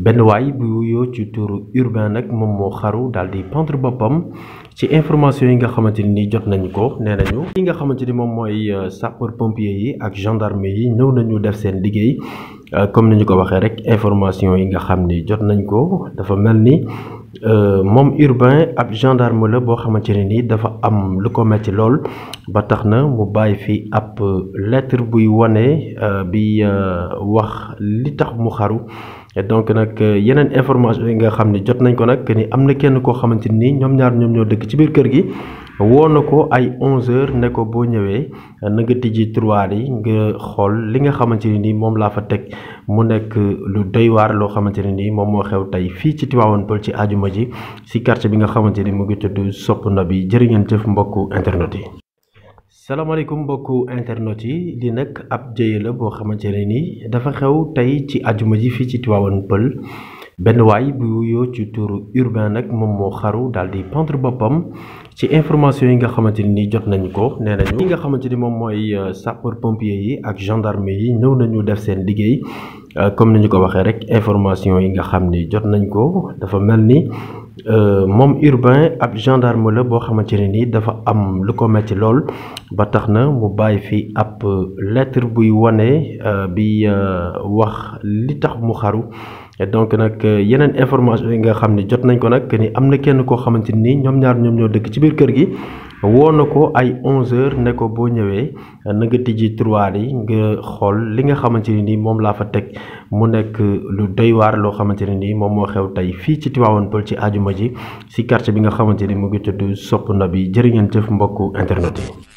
Ben way bu yo ci tour urbain mom mo xaru pendre bopam ci information yi nga xamanteni jot nañ ko nenañu nga euh, sapeur pompier yi ak gendarme yi euh, comme les ko waxe rek information yi nga jot nañ ko dafa euh, urbain ab gendarme la bo xamanteni ni dafa am lu lettre bi wax li tax donc nag euh, yeneen information yi nga xam ni jot nañ ko nag ni am na kenn koo xamante ni ñoom ñaar ñoom ñoo dëkk ci biir kër gi woo na ko ay 11h ne ko boo ñëwee na nga tijji tiroir yi nga xool li nga xamante ne ni moom laa fa teg mu nekk lu doy waar loo xamante ne ni moom moo xew tey fii ci Tivaouane Peulh ci ajuma ji si quartier bi nga xamante ni mu ngi tudd Sopp Nabi jërë ngeen jëf mbokku internet yi. salaamaaleykum mbokku internet yi li nag ab jëye la boo xamante ne nii dafa xew tey ci ajuma ji fii ci Tivaouane Peulh benn waay bu yoo ci turu urbain nag moom moo xaru daal di pentre boppam ci information yi nga xamante ni nii jot nañu ko nee nañu. li nga xamante ni moom mooy euh, sapeur pompier yi ak gendarme yi ñëw nañu def seen liggéey. comme niñ ko waxé rek information yi nga xam jot nañ ko dafa melni euh mom urbain ab gendarme la bo xamanteni ni dafa am lu ko metti lol ba taxna mu bay fi ab lettre buy wane bi wax li tax mu xaru donc nak yenen information yi nga xam jot nañ ko nak ni amna kenn ko xamanteni ñom ñaar ñom ñoo dëkk ci biir kër gi. woo na ko ay 11h ne ko boo ñëwee na nga tijji tiroir yi nga xool li nga xamante ne ni moom laa fa teg mu nekk lu doy waar loo xamante ne ni moom moo xew tey fii ci Tivaouane Peulh ci ajuma ji si quartier bi nga xamante ni mu ngi tudd Sopp Nabi jërë ngeen jëf mbokku internet yi.